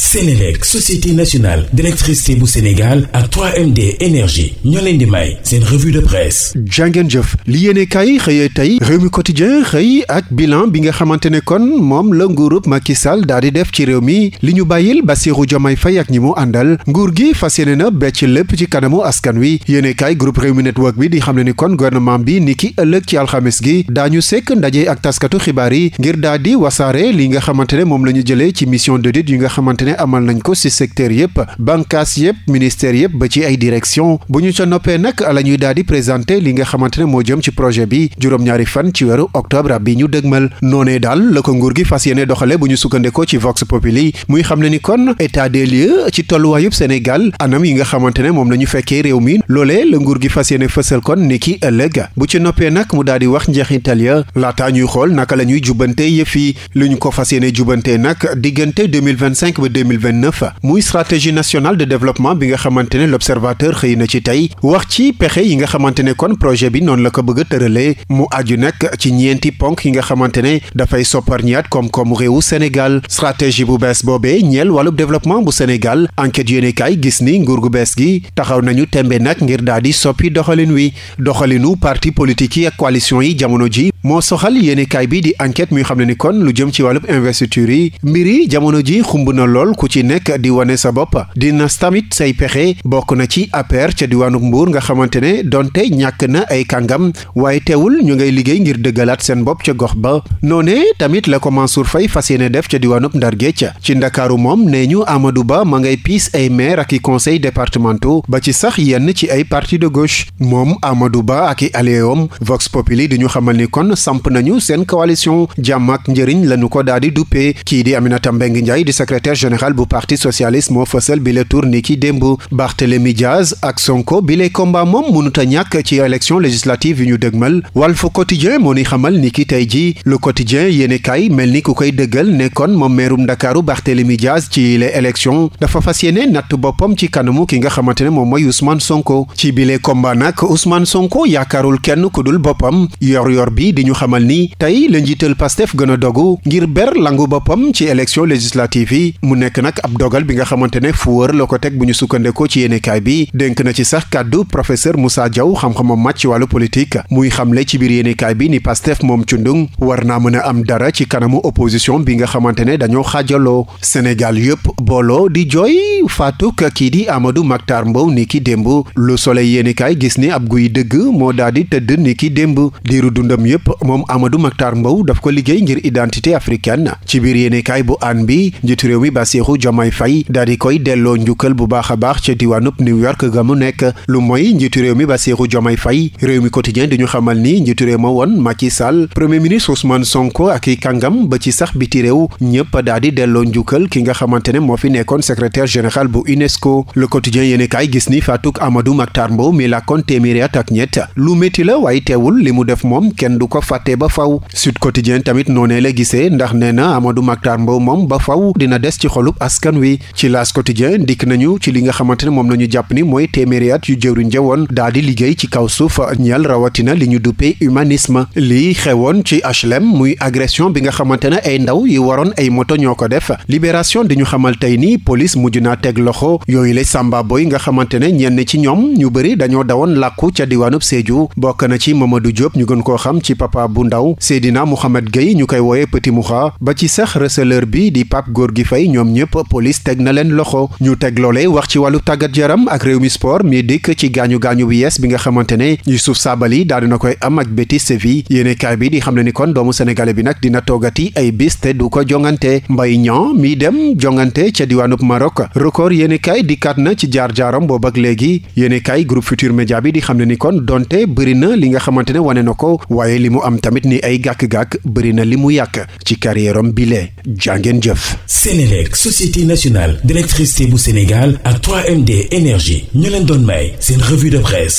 Sénélec société nationale d'électricité bu Sénégal ak 3MD énergie ñoo leen di may seen revue de presse jàngeen jëf li yéene kay xëyee tey réew mi quotidien xëy ak bilan bi nga xamante ne kon moom la nguurub Macky Sall daal di def ci réew mi li ñu bàyyil Bassirou Diomaye fa ak ñi mu àndal nguur gi fas yéene na becc lépp ci kanamu askan wi yéene kay groupe réew mi network bi di xam ne ni kon gouvernement bi ni ki ëllëg ci alxames gi daañu sekk ndaje ak taskatu xibaar yi ngir daal di wasaare li nga xamante ne moom la ñu jëlee ci mission d'audit yi nga xamante ne amal nañ ko ci secteur yëpp bànqaas yëpp ministère yëpp ba ci ay direction bu ñu ca noppee nag la ñuy daal di présenté li nga xamante ne moo jëm ci projet bi juróom-ñaari fan ci weeru octobre bi ñu dëgmal noonee daal la ko nguur gi fas yéene doxale bu ñu sukkandekoo ci Vox Populi muy xam ne ni kon état des lieux ci tolluwaayub Sénégal anam yi nga xamante ne moom la ñu fekkee réew mi loole la nguur gi fas yéene fësal kon ni ki ëllëg bu ci noppee nag mu daal di wax njeexital ya laataa ñuy xool naka la ñuy jubbante yëf yi lu ñu ko fas yéene jubbante nag diggante 2025 ba 2029 muy stratégie nationale de développement bi nga xamante ne l'observateur xëy na ci tey wax ci pexe yi nga xamante ne kon projet bi noon la ko bëgg a tëralee mu aju nag ci ñeenti ponk yi nga xamante ne dafay sopparñaat koom-koomu réewu Sénégal stratégie bu bees boobee ñeel wàllu développement bu Sénégal enquête yéenekaay gis ni nguur gu bees gi taxaw nañu tembe nag ngir daal di soppi doxalin wi doxalinu parti politique yi ak coalition yi jamono ji moo soxal yéenekaay bi di xam ne ni kon lu jëm yi lool ku ci nekk di wane sa bopp dina tamit say pexe bokk na ci APR ca diwaanub Mbuur nga xamante ne donte ñàkk na ay kàngam waaye teewul ñu ngay liggéey ngir dëggalaat seen bopp ca gox ba noone tamit la ko Mansour Faye fas yéene def ca diwaanub ndarge ca ci Ndakaaru moom nee ñu Amadou Ba ma ngay piis ay maire ak i conseil départementaux ba ci sax yenn ci ay parti de gauche moom Amadou Ba ak i alléewam Vox Populi di ñu xamal ni kon samp nañu seen coalition jàmm ak njëriñ lañu ko daal di duppee kii di Aminata Mbengue Ndiaye di secrétaire général bu parti socialiste moo fësal bi la tour ni ki démb Barthélémy Diaz ak Sonko bi lay moom mënuta ñàkk ci élection législative yu ñu dëgmal Walf Quotidien moo ni xamal ni ki tey ji Le Quotidien yéene kay mel ni ku koy dëggal nekkoon moom meerum Ndakaaru Barthélémy Diaz ci les élections dafa fas yéene natt boppam ci kanamu ki nga xamante ne moom mooy Ousmane Sonko ci bile combat nag Ousmane Sonko yaakaarul kenn ku dul boppam yor-yor bi di ñu xamal ni tey la njiital a dogu ngir ber langu nekk nag ab dogal bi nga xamante ne fu wër la ko teg bu ñu sukkandekoo ci yenekaay bi dénk na ci sax kàddu professeur Moussa Diaw xam-xamam màcc ci wàllu politique muy xamle ci biir yéenekaay bi ni Pastef moom cundung war naa mën a am dara ci kanamu opposition bi nga xamante ne dañoo xaajaloo Sénégal yëpp booloo di jooy faatuk kii di Amadou Maktar Mbow ni ki démb lu soleil yéenekaay gis ni ab guy dëgg moo daal di tëdd ni ki démb diiru dundam yépp moom Amadou Maktar Mbow daf ko liggéey ngir identité africaine ci biir yéenekaay bu aan bi Bassirou Diomaye Faye daal di koy delloo njukkal bu baax a baax ca diwaanub New York ga mu nekk lu mooy njiitu réew mi Bassirou Diomaye fay réew mi quotidien di ñu xamal ni njiitu réew ma woon Macky Sall premier ministre Ousmane Sonko ak i kàngam ba ci sax biti réew ñëpp daal di delloo njukkal ki nga xamante ne moo fi nekkoon secretaire général bu UNESCO le quotidien yéeni kaay gis ni faatuk Amadou Maktar Mbow mi làkkoon téeméeri at ak ñett lu métti la waaye teewul li mu def moom kenn du ko fàtte ba faw Sud Quotidien tamit noonee la gisee ndax nee na xolub askan wi ci laas quotidien dikk nañu ci li nga xamante ne moom la ñu jàpp ni mooy téeméeri at yu jëwriñ daa di liggéey ci kaw suuf ñeel rawatina li ñu duppee humanisme lii xewoon ci HLM muy agression bi nga xamante ne ay ndaw yi waroon ay moto ñoo ko def libération di ñu xamal tey ni police mujj naa teg loxo yooyu la samba boy nga xamante ne ñenn ci ñoom ñu bëri dañoo dawoon làkku ca diwaanub Sédhiou bokk na ci du Diop ñu gën koo xam ci papa bu ndaw Seydina Mouhamed Gueye ñu koy wooye Petit Mouha ba ci sax receleur bi di Pape Gorgui Faye ñoom ñoom polis teg na leen loxo ñu teg loolee wax ci wàllu tàggat yaram ak réew mi sport mi dikk ci gaañu gaañu bi yees bi nga xamante ne Youssouf Sabaly daal dina koy am ak Betis Séville yéene kaay bi di xam ne ni kon doomu sénégalais bi nag dina toggati ay bis te du ko jongante mbay Niang mii dem jongante ca diwaanub Maroc record yéene kaay dikkaat na ci jaar-jaaram boobu ak léegi yéene kaay groupe Futur Média bi di xam ne ni kon donte bëri na li nga xamante ne wane na ko waaye li mu am tamit ni ay gàkk-gàkk na li mu yàq ci carrière am bile jëf Sénélec société nationale d'électricité bu Sénégal ak 3MD énergie ñu leen doon may seen revue de presse